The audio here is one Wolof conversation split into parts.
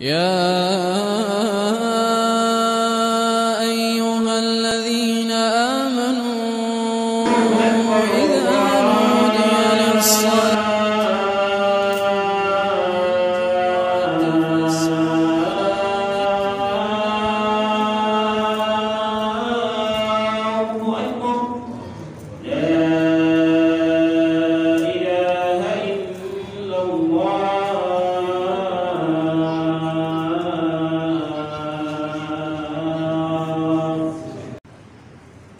يا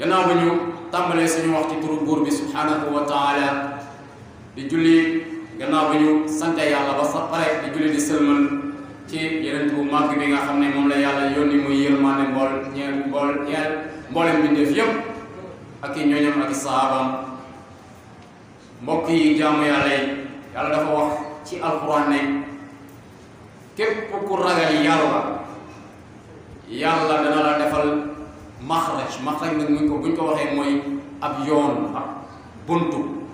gannaaw ba ñu tàmbalee suñu wax ci turu buur bi subhanahu wa di julli gannaaw ba ñu sante yàlla ba sax pare di julli di sëlmal ci yeneen bu màgg bi nga xam ne moom la yàlla yónni muy yërmaande mbool ñeel mbool ñeel mbooleem bindeef ak i ñooñam ak i sahaabam mbokk yi jaamu yàlla yi yàlla dafa wax ci alquran ne képp ku ragal yàlla yàlla dana la defal maxraj maxraj nag muñ ko buñ ko waxee mooy ab yoon ab buntu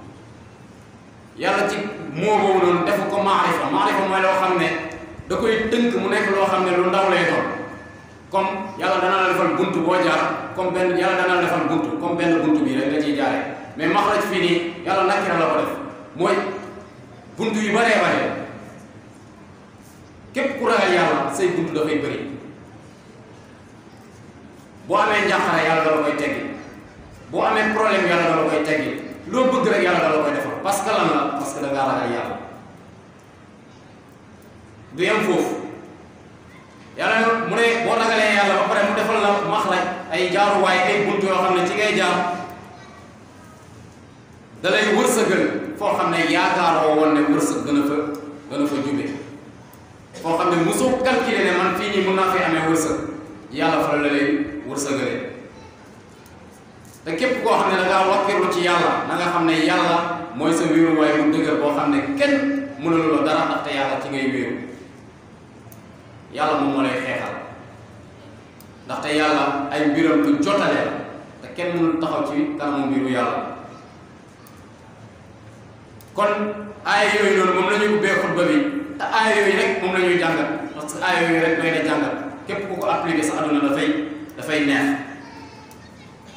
yàlla ci moo boobu noonu def ko maarifa maarifa mooy loo xam ne da koy tënk mu nekk loo xam ne lu ndaw lay doon comme yàlla dana la defal buntu boo jaar comme benn yàlla dana la defal buntu comme benn buntu bii rek nga ciy jaaree mais maxraj fii nii yàlla nakira la ko def mooy buntu yu baree bare képp ku ragal yàlla say buntu dafay bëri boo amee njàqare yàlla da la koy teggi boo amee problème yàlla da koy teggi loo bëgg rek yàlla da koy defal parce que lan la parce que da ngaa ragal yàlla foofu yàlla mu ne boo ragalee yàlla ba ay jaaruwaay ay bunt yoo xam ne xam ne yaakaaroo wërsëg gën amee wërsëg yàlla la lay wërsëgale te képp koo xam ne da ngaa ci yàlla na xam ne yàlla mooy sa wéeru waaye mu dëgër boo xam ne kenn mënul la dara ndaxte yàlla ci ngay wéeru yàlla moom moo lay xeexal ndaxte yàlla ay mbiram lu jotale la te kenn mënul taxaw ci kanamu mbiru yàlla kon aaya yooyu noonu moom la ñuy xutba bi te aaya yooyu rek moom la ñuy jàngal aaya yooyu rek doy na jàngal képp ku ko appliqué sa àdduna dafay dafay neex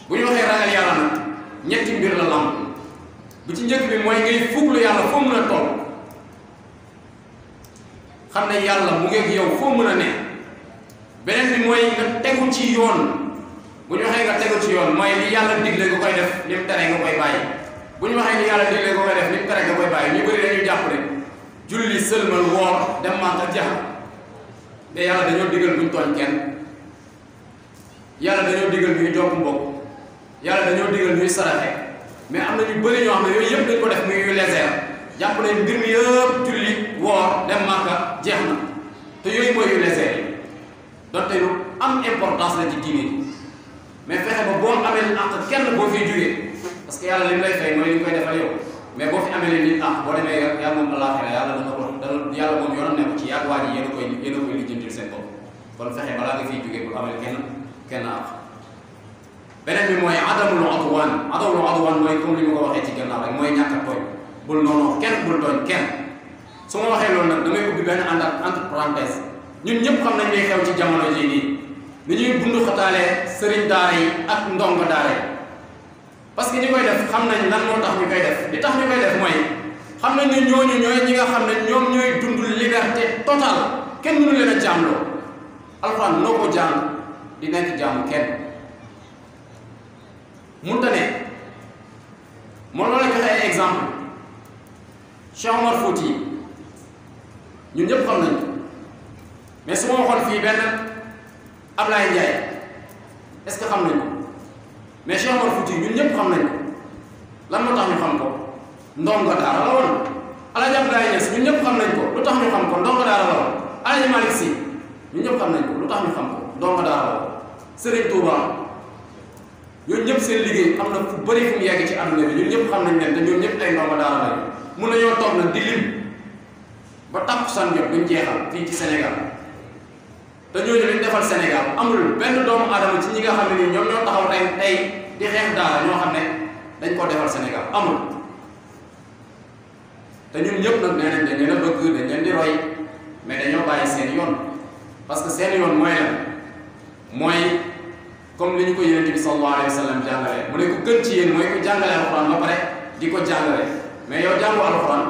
bu ñu waxee ragal yàlla nag ñetti mbir la lamb bu ci njëkk bi mooy ngay fuglu yàlla foo mën a toll xam ne yàlla mu ngeeg yow foo mën a ne beneen bi mooy nga tegu ci yoon bu ñu waxee nga tegu ci yoon mooy li yàlla digle nga koy def li mu nga koy bàyyi bu ñu waxee li yàlla digle nga koy def li mu tere nga koy bàyyi ñu bëri dañuy jàpp rek julli sëlmal woor dem mànta jeex mais yàlla dañoo digal buñ tooñ kenn yàlla dañoo digal ñuy jokk mbokk yàlla dañoo digal ñuy saraxe mais am na ñu bëri ñoo xam yooyu yëpp dañ ko def muy yu légère jàpp ne mbir mi yëpp julli woor dem màkka jeex na te yooyu mooy yu légère yi am importance na ci diine mais fexe ba boo amee àq kenn boo fiy jugee parce que yàlla li mu lay fay mooy koy defal yow mais boo fi amee nit àq boo demee yàlla moom àllaaxira yàlla dana ko dana yàlla ne ko ci yàgg waa ji yéen a koy yéen a koy lijjantil seen bopp kon fexe balaa nga fiy jugee gannaaw beneen bi mooy adamul adwan adamul adwan mooy comme li ma ko waxee ci gannaaw rek mooy ñàkk a tooñ bul noonu kenn bul tooñ kenn su ma waxee loolu nag damay ubbi benn ànd ak entre parenthèse ñun ñëpp xam nañ ne xew ci jamono jii nii ni ñuy bundu xataalee sëriñ daara yi ak ndongo daara yi parce que ñi koy def xam nañ lan moo tax ñu koy def li tax ñu koy def mooy xam nañ ne ñooñu ñooy ñi nga xam ne ñoom ñooy dund liberté totale kenn mënu leen a jaamloo alxuraan noo ko jaam di nekk jaamu kenn munta ne moom la joxe ay exemple Cheikh Omar Fouti yi ñun ñëpp xam nañu mais su ma waxoon fii benn Ablaye Ndiaye est-ce que xam nañu mais Cheikh Omar Fouti yi ñun ñëpp xam nañu lan moo tax ñu xam ko ndongo daara la woon Alaaji Ablaye Niass ñun ñëpp xam nañ ko lu tax ñu xam ko ndongo daara la woon Alaaji Malick Sy ñun ñëpp xam nañ ko lu tax ñu xam ko ndongo daara la woon Serigne Touba ñun ñëpp seen liggéey am na fu bëri fu mu yegg ci àdduna bi ñun ñëpp xam nañ leen te ñun ñëpp ay ndongo daara lañ mun nañoo toog di lim ba takkusaan jot duñ jeexal fii ci Sénégal te ñooñu dañ defal Sénégal amul benn doomu aadama ci ñi nga xam ne nii ñoom ñoo taxaw tey tey di xeex daara ñoo xam ne dañ koo defal Sénégal amul te ñun ñëpp nag nee nañ dañ leen a bëgg dañ leen di roy mais dañoo bàyyi seen yoon parce que seen yoon mooy la mooy. comme li ñu ko yonent bi sallallahu alayhi wa sallam jàngale mu ne ko gën ci yéen mooy ko jàngale alxuraan ba pare di ko jàngale mais yow jàngu alxuraan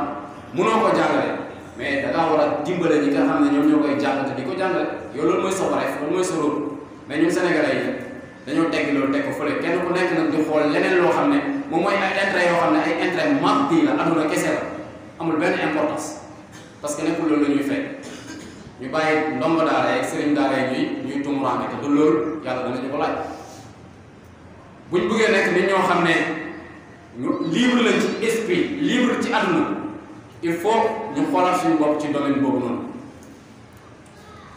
mënoo ko jàngale mais da ngaa war a dimbale ñi nga xam ne ñoom ñoo koy jàng di ko jàngale yow loolu mooy sa wareef loolu mooy sa rôle mais ñun sénégalais yi dañoo tegg loolu teg ko fële kenn ku nekk nag di xool leneen loo xam ne moom mooy ay intérêt yoo xam ne ay intérêt maddi la aduna kese amul benn importance que loolu la ñuy fekk ñu bàyyi ndomba yàlla dana ñu ko laaj buñ bëggee nekk nit ñoo xam ne ñu libre la ci esprit libre ci àdduna il faut ñu xoolaat suñu bopp ci domaine boobu noonu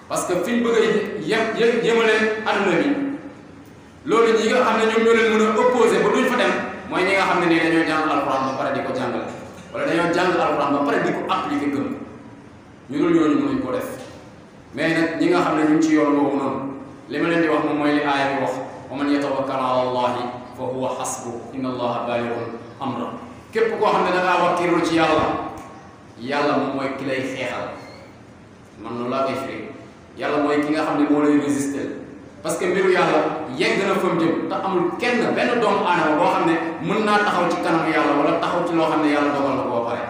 parce que fiñ bëgg a yem yem yemale àdduna bi loolu ñi nga xam ne ñoom ñoo leen mën a opposé ba duñ fa dem mooy ñi nga xam ne nii dañoo jàng alquran ba pare di ko jàngale wala dañoo jàng alquran ba pare di ko gëm ñu dul ñooñu mënuñ ko def mais nag ñi nga xam ñu ci yoon boobu noonu li ma leen di wax moom mooy li aaya wax wa man yatawakkal ala allahi fa huwa xasbu inna allaha balighun amra képp koo xam ne da ngaa wakkiirul ci yàlla yàlla moom mooy ki xeexal man noonu laa koy firi yàlla mooy ki nga xam ne moo lay résister parce que mbiru yàlla yegg na fa jëm te amul kenn benn doomu aadama boo xam ne mën naa taxaw ci kanam yàlla wala taxaw ci loo xam ne yàlla dogal na boo pare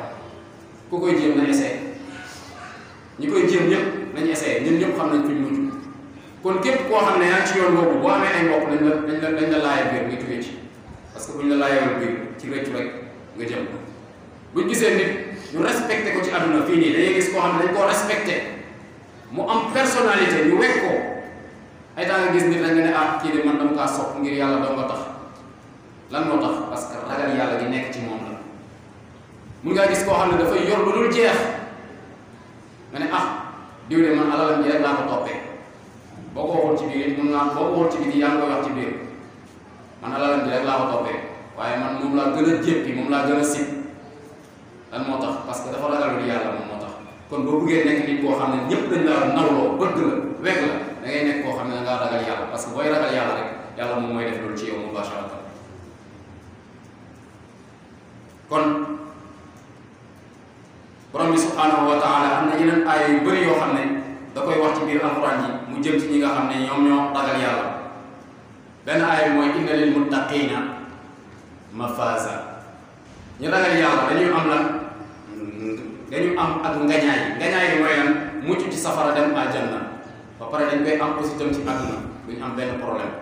ku koy jéem na essayé ñi koy jéem nañu essayé ñun ñëpp xam kon képp koo xam ne yaa ngi ci yoon boobu boo amee ay mbokk dañ la dañ la dañ la biir nga jóge ci parce que buñ la laayoon biir ci rëccu rek nga jëm buñ gisee nit ñu respecté ko ci àdduna fii nii dañuy gis koo xam ne dañ koo respecté mu am personnalité ñu wekk ko ay temps gis nit rek nga ne ah kii de man lan moo parce que nekk ci moom la mun gis koo xam ne dafay yor lu dul jeex nga ne ah diw man alalam ji rek laa ko toppee boo ko waxul ci biir mun naa boo ko waxul ci biir yaa ngi koy wax ci biir man alalam ji waaye man moom laa gën a jéppi moom laa gën a sib moo tax parce que dafa ragalul yàlla moom moo tax kon boo buggee nekk nit koo xam ne ñëpp dañ la nawloo bëgg la wekk la da nekk koo xam ne ngaa ragal yàlla parce que booy ragal rek yàlla moom mooy def loolu ci yow moom macha kon borom bi subhanahu wa taala am na yoo xam da koy wax ci biir alxuraan yi mu jëm ci ñi nga xam ne ñoom ñoo ragal yàlla benn aaya mooy inna lil muttaqiina mafaza ñu ragal yàlla dañuy am lan dañu am ak ngañaay ngañaay mooy lan mucc ci safara dem àjjana ba pare dañ koy am aussi tam ci àdduna duñu am benn problème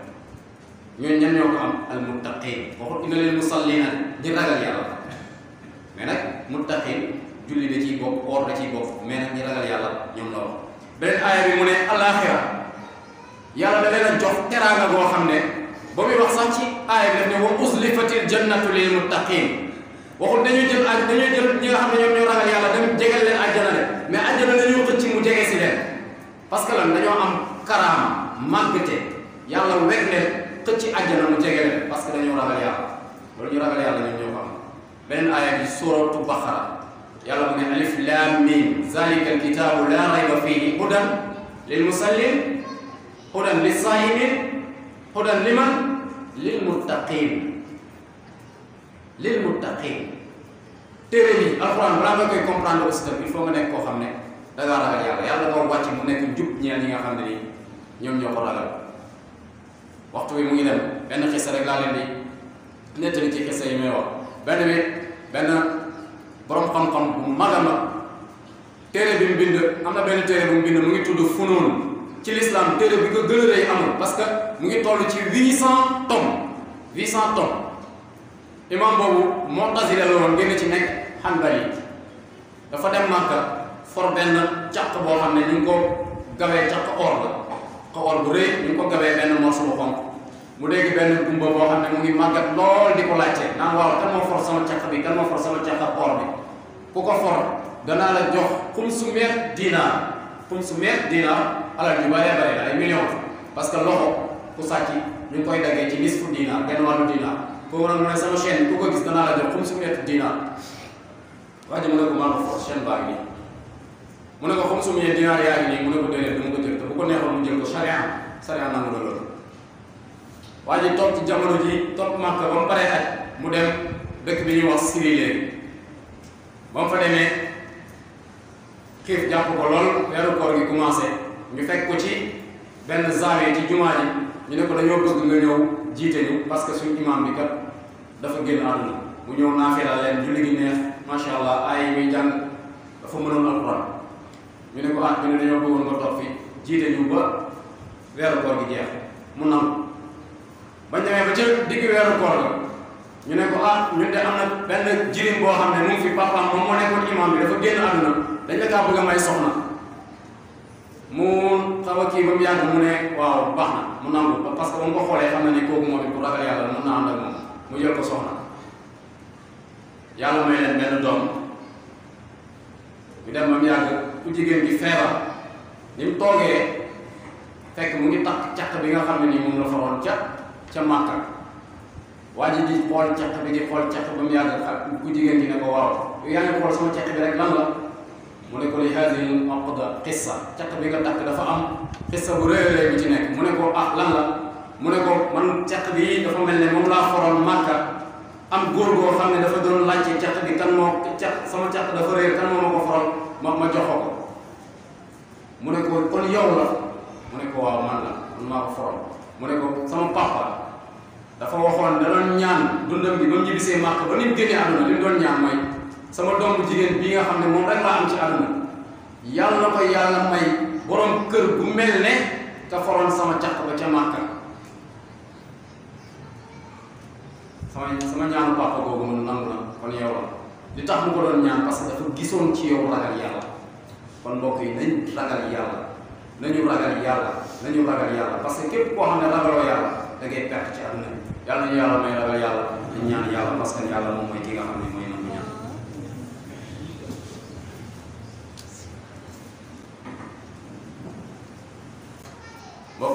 ñooñu ñan ko am al muttaqin waxut inna lil musallina ñi ragal yàlla mais nag muttaqin julli da ciy bokk woor da ciy bokk mais nag ñi ragal yàlla ñoom la beneen aaya bi mu ne alaaxira yàlla da leen a jox teraanga goo xam ne ba muy wax sax ci aaya bi daf ne wa uzlifatil jannatu lil muttaqin waxul dañuy jël ak dañuy jël ñi nga xam ne ñoom ñoo ragal yàlla dem jegal leen àjjana de mais àjjana dañoo xëcc mu jege si leen parce que lan dañoo am karaama màggte yàlla weg leen xëcc àjjana mu jege leen parce que dañoo ragal yàlla wala ñu ragal yàlla ñoom ñoo ko beneen aaya bi suratu baqara yàlla mu ne alif laam miim zalika alkitaabu laa rayba fiihi hudan lil musallin hudan lis saayimin hudan liman lil muttaqin lil muttaqin téere bi alxuraan balaa nga koy comprendre aussi tam il faut nga nekk koo xam ne dangaa ragal yàlla yàlla koo wàcc mu nekk njub ñeel ñi nga xam ne nii ñoom ñoo ko ragal waxtu bi mu ngi dem benn xisa rek laa leen di ci xisa yi may wax benn bi benn bu mag a téere bi mu bind am na benn téere bu mu bind mu ngi tudd funoon ci l'islam téere bi ko gën a rëy amul parce que mu ngi toll ci huit cent tomes huit cent tomes imam boobu Mu'tazila la woon génn ci nekk Hanbali dafa dem Màkka for benn càq boo xam ne ñu ngi ko gawee càq or la ko or bu rëy ñu ngi ko gawee benn morceau bu xonq mu dégg benn gumba boo xam ne mu ngi màggat lool di ko laajte naan waaw kan moo for sama càq bi kan moo for sama càq or bi ku ko for danaa la jox xum su meex dinaar xum su meex dinaar alal yu bare bare la ay parce que loxo ku sàcc ñu koy daggee ci nisfu dinaar benn dinaar koo waral mu ne sama chaîne ku ko gis danaa la jox xum su meex dinaar mu ne ko maa ko for chaîne nii mu ne ko xum su meex mu ko jël te bu ko neexoon mu jël ko charia charia nangu la loolu waa ji toog ci jamono ji toog màkk ba mu paree aj mu dem dëkk bi ñuy ba mu fa demee xiif jàpp ko lool weeru koor gi commencé ñu fekk ko ci benn zaawee ci jumaa ji ñu ne ko dañoo bëgg nga ñëw jiite ñu parce que suñu bi kat dafa génn àdduna mu ñëw naafila leen julli gi neex macha allah ay muy jàng dafa mënoon alquran ñu ne ko ah ñu dañoo bëggoon nga toog fi jiite ñu ba weeru koor gi jeex mu nangu bañ demee ba ca digg weeru koor la ñu ne ko ah ñun de am na benn jirim boo xam ne mu fi papaam moom moo nekkoon imam bi dafa génn àdduna dañ la kaa bëgg a may soxna mu xaw a kii ba mu yàgg mu ne waaw baax na mu nangu parce que ba mu ko xoolee xam na ni kooku moom it ku ragal yàlla mun naa ànd ak moom mu jël ko soxna yàlla may leen benn doom ñu dem ba mu yàgg ku jigéen gi feebar ni mu toogee fekk mu ngi takk càq bi nga xam ne nii moom la faroon ca ca màkka waa ji di xool ceq bi di xool ceq ba mu yàgg ak ku jigéen gi ne ko waaw yow yaa ngi xool sama ceq bi rek lan la mu ko li haadihi al-uqda qissa bi nga takk dafa am qissa bu rëy rëy bu ci ah, mu ne ko man ceq bi dafa mel ne moom am góor xam ne dafa doon laajte ceq bi kan moo ceq sama ceq dafa réer kan moo ma ko ko man la man maa ko xoroon mu ne ko sama papa dafa waxoon da doon ñaan dundam bi ba mu ñibbisee màkk ba nim génnee aduna lim doon ñaan mooy sama doom jigéen bi nga xam ne moom rek laa am ci aduna yàlla ko yàlla may borom kër bu mel ne ka foroon sama càq ba ca màkk sama sama ñaanu papa googu mu nangu na kon yow la li tax mu ko doon ñaan parce que dafa gisoon ci yow ragal yàlla kon mbokk yi nañ ragal yàlla nañu ragal yàlla nañu ragal yàlla parce que képp koo xam ne ragaloo yàlla da ngay perte ci aduna bi yàlla nañu yàlla may ragal yàlla dañ ñaan yàlla mooy ki nga xam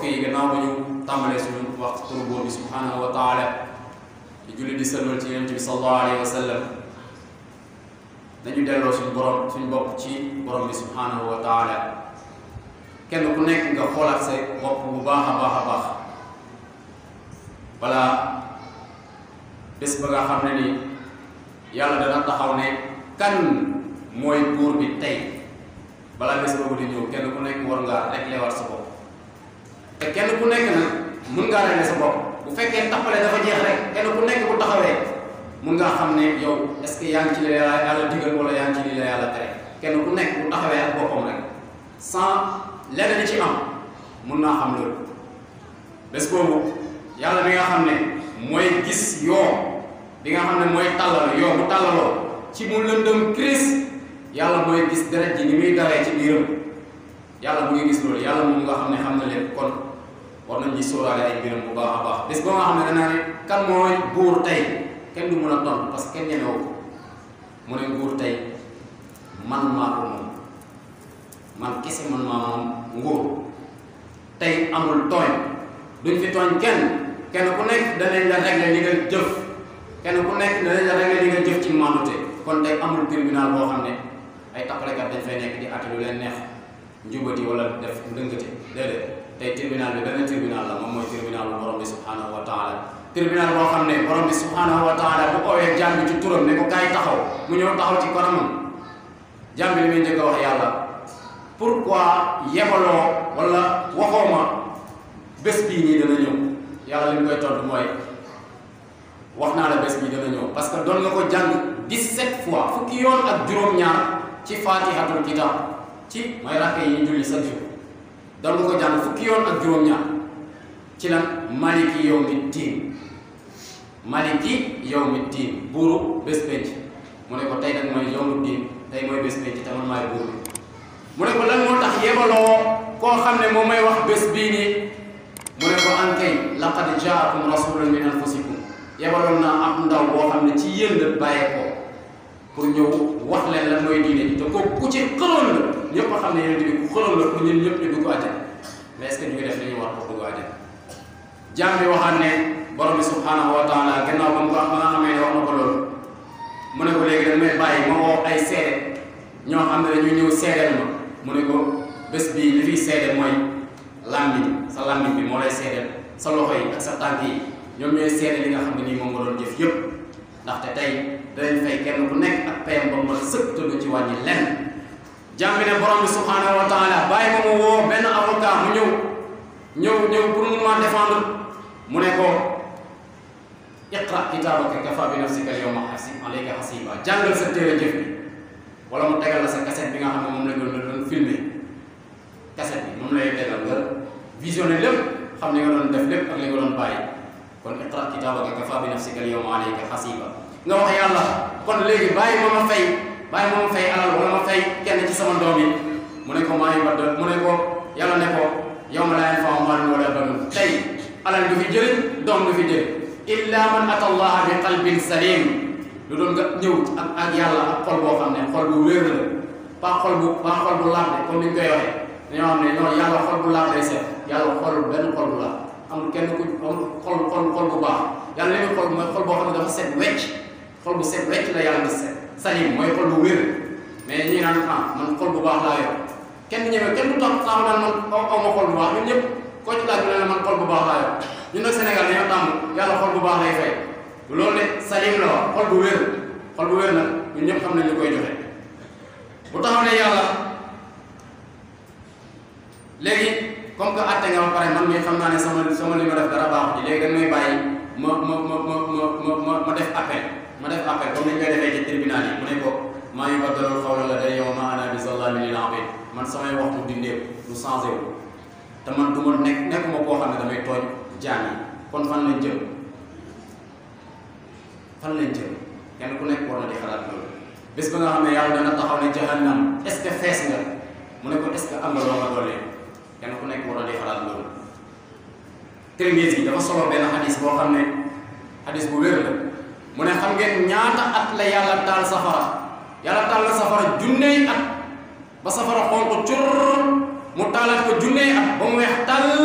ne yi gannaaw ba ñu tàmbalee suñu turu bóor bi subhanahu wa taala di julli di sëlmal ci yonent alayhi wa sallam dañu delloo borom suñu bopp ci borom bi subhanahu wa taala kenn nekk walla bés ba nga xam ne ni yàlla dana taxaw ne kan mooy buur bi tey balaa bés boobu di ñëw kenn ku nekk war ngaa réglé war sa bopp te kenn ku nekk nag mun ngaa réglé sa bopp bu fekkee taxalee dafa jeex rek kenn ku nekk bu taxawee mun ngaa xam ne yow est-ce que yaa ngi ci li la yàlla digal wala yaa ci li la yàlla tere kenn ku nekk bu taxawee ak boppam rek sans leneen li ci am mun naa xam loolu bés boobu yàlla bi nga xam ne mooy gis yoo bi nga xam ne mooy tàllal yoo bu tàllaloo ci mu lëndëm crise yàlla mooy gis deret ji ni muy dalee ci biiram yàlla mu ngi gis loolu yàlla moom nga xam ne xam na leen kon war nañ ñi sóoraale ay bu baax a baax bés boo nga xam ne danaa ne kan mooy buur tey kenn du mën a tontu parce que kenn ñemewu ko mu ne nguur tey man maa ko man kese man maa moom nguur tey amul tooñ duñ fi tooñ kenn kenn ku nekk danañ la régler li nga jëf kenn ku nekk danañ la régler li nga jëf ci mandute kon day amul tribunal boo xam ne ay a dañ fay nekk di àtte lu leen neex njubati wala def ndëngate déedéet tey tribunal bi benn tribunal la moom mooy tribunal bu borom bi subhanahu wa taala tribunal xam ne borom bi subhanahu wa bu oowee jàmbi ci turam ne ko kaay taxaw mu ñëw taxaw ci kanamam jàmbi li muy njëkk a wax yàlla pourquoi yebaloo wala waxoo ma bés yàlla li mu koy tontu mooy wax naa la bés bi dana ñëw parce que doon nga ko jàng 17 fois fukki yoon ak juróom-ñaar ci faatihatul kitab ci mooy rakk yi julli chaque jour doon nga ko jàng fukki yoon ak juróom-ñaar ci lan maliki yawmi diin maliki yawmi diin buuru bés penc mu ne ko tey nag mooy yawmi diin tey mooy bés penc te man maay buuru mu ne ko lan moo tax yebaloo koo xam ne moom may wax bés bii nii mu ko an kay laqad jaakum rasulun min anfusikum yebaloon naa ab ndaw bo xamne ci yeen la baye ko pour ñew wax leen la moy diine ji te ko ku ci xëloon la ñepp xamne yeen yéen bi ku xëloon la ko ñeen ñepp ñu ko àjjana mais est ce ñu def li ñu war ko dugg àjjana jaam bi borom subhanahu wa taala gennaw ba ko ba nga xamee wax na ko lool mu ne ko léegi dañ may baye ma woo ay sédé ño xamne ne dañuy ñëw seedeel ma mu ne ko bés bii li fi sédé moy làmmiñ sa làmmiñ bi mo lay seedeel sa loxoy ak sa tanki ñom ñoy ñooy li nga xamni ni mo moom nga doon jëf yëpp ndaxte tey danañ fay kenn ku nekk ak payam ba mën sëpp te ci wañi lenn jàmbi borom bi subhanahu wa taala bàyyi mo mu woo benn avocat mu ñew ñew ñew pour mu ma défendre mu ne ko iqra kitabaka kafa bi nafsika yawma hasib alayka hasiba jàngal sa téré jëf bi wala mu tégal la sa cassette bi nga xam ne la ñu doon filmé cassette bi moom lay tégal nga visionné lépp xam li nga doon def lépp ak li nga doon bàyyi kon iqra kitaabaka kafaa bi nafsika al yawma alayka xasiba nga wax yàlla kon léegi bàyyi ma ma fay bàyyi ma ma fay alal wala ma fay kenn ci sama doom yi mu ne ko maa ngi wadd mu ne ko yàlla ne ko yow ma laa yanfa'u maalun wala banuun tey alal du fi jëriñ doom du fi jëriñ illa man ata allaha bi qalbin salim lu doon nga ñëw ak ak yàlla ak xol boo xam ne xol bu wér la pas xol bu pas xol bu laaj comme ni ñu koy waxee dañoo xam ne non yàlla xol bu laab lay seet yàlla xol benn xol bu laab amul kenn ku amul xol xol xol bu baax yàlla li muy xol mooy xol boo xam ne dafa set bu set wecc kenn ñëwee kenn du tax taxaw naan man ma xol bu baax ñun ñëpp koo ci ne la man bu baax laa yor ñun nag Sénégal dañoo tàmm yàlla xol bu baax lay fay loolu de salim la wax xol bu wér xol bu wér nag ñun ñëpp xam nañ li koy joxe bu taxaw ne yàlla. léegi comme que atte nga ba pare man mii xam naa ne sama sama li ma def dara baaxu ji léegi dañ may bàyyi ma ma ma ma ma ma def appel ma def appel comme ni ñu defee ci tribunal yi mu ne ko maa ngi baddalul ma ana bi sallallahu man samay wax te man du ma nekk koo xam ne damay tooñ jaam yi kon fan lañ jëm fan lañ jëm kenn ku nekk war na di xalaat loolu bés ba nga xam ne yàlla dana taxaw ne jahannam est fees nga mu ne ko est ce que am nga yang ku naik war a di xalaat loolu Tirmizi dafa solo benn xadis boo hadis ne xadis bu nyata la mu ne xam ngeen ñaata at la yàlla ya taal safara yàlla taal la safara junney at ba safara xonq curr mu taalaat ko junney at ba mu weex tàll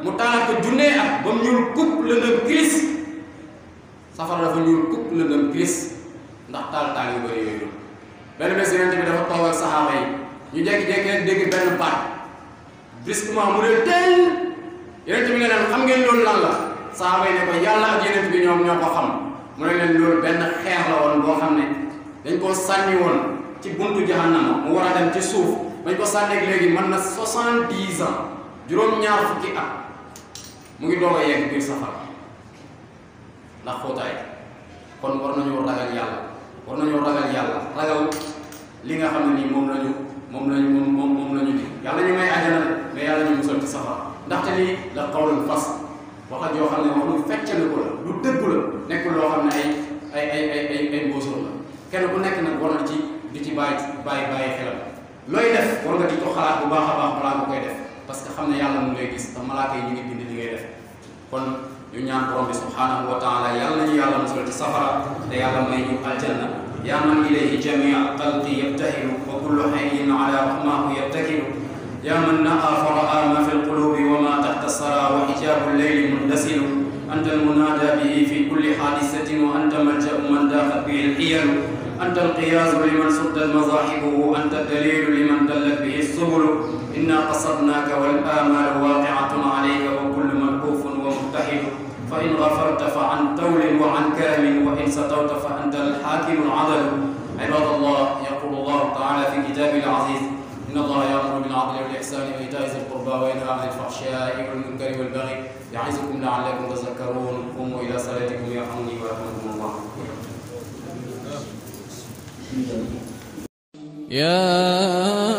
mu taalaat ko junney at ba mu ñuul kub safara dafa ndax yu bi dafa ak yi ñu bis bu ma amuree teel yonent bi ne leen xam ngeen loolu lan la saaba yi ne ko yàlla ak yonent bi ñoom ñoo ko xam mu ne leen loolu benn xeex la woon boo xam ne dañ koo sànni woon ci buntu jahannama mu war a dem ci suuf bañ ko sànneeg léegi mën na soixante dix ans juróom-ñaar fukki at mu ngi doog a yegg biir safara ndax xóotaay kon war nañoo ragal yàlla war ragal yàlla ragal li nga xam ne nii moom lañu moom lañu moom moom lañu di yàlla ñu may àjjana mais yàlla ñu musal ci safara ndaxte lii la qawlul fas waxat yoo xam ne wax mu feccali ko la lu dëgg la loo xam ne ay ay ay ay ay la kenn nekk nag ci di ci bàyyi bàyyi bàyyi xelam looy def war nga di ko xalaat bu koy def parce que xam ne yàlla mu ngay gis te malaaka kon ñu ñaan borom bi subhanahu wa taala ñu yàlla musal ci safara te yàlla may ñu aljanna yaa man ilayhi jamia xalqi yabtahilu wa kullu xayrin ala rahmahu yabtakilu يا من نأى فرأى ما في القلوب وما تحت السرى وحجاب الليل مندسل أنت المنادى به في كل حادثة وأنت ملجأ من داخت به الحيل أنت القياس لمن سدت مذاهبه أنت الدليل لمن دلت به السبل إنا قصدناك والآمال واقعة عليك وكل ملهوف ومتحد فإن غفرت فعن تول وعن كرم وإن سترت فأنت الحاكم العدل عباد الله يقول الله تعالى في كتابه العزيز إن الله يأمر بالعدل والإحسان وإيتاء ذي القربى وينهى عن الفحشاء والمنكر والبغي يعظكم لعلكم تذكرون قوموا إلى صلاتكم يرحمني ويرحمكم الله يا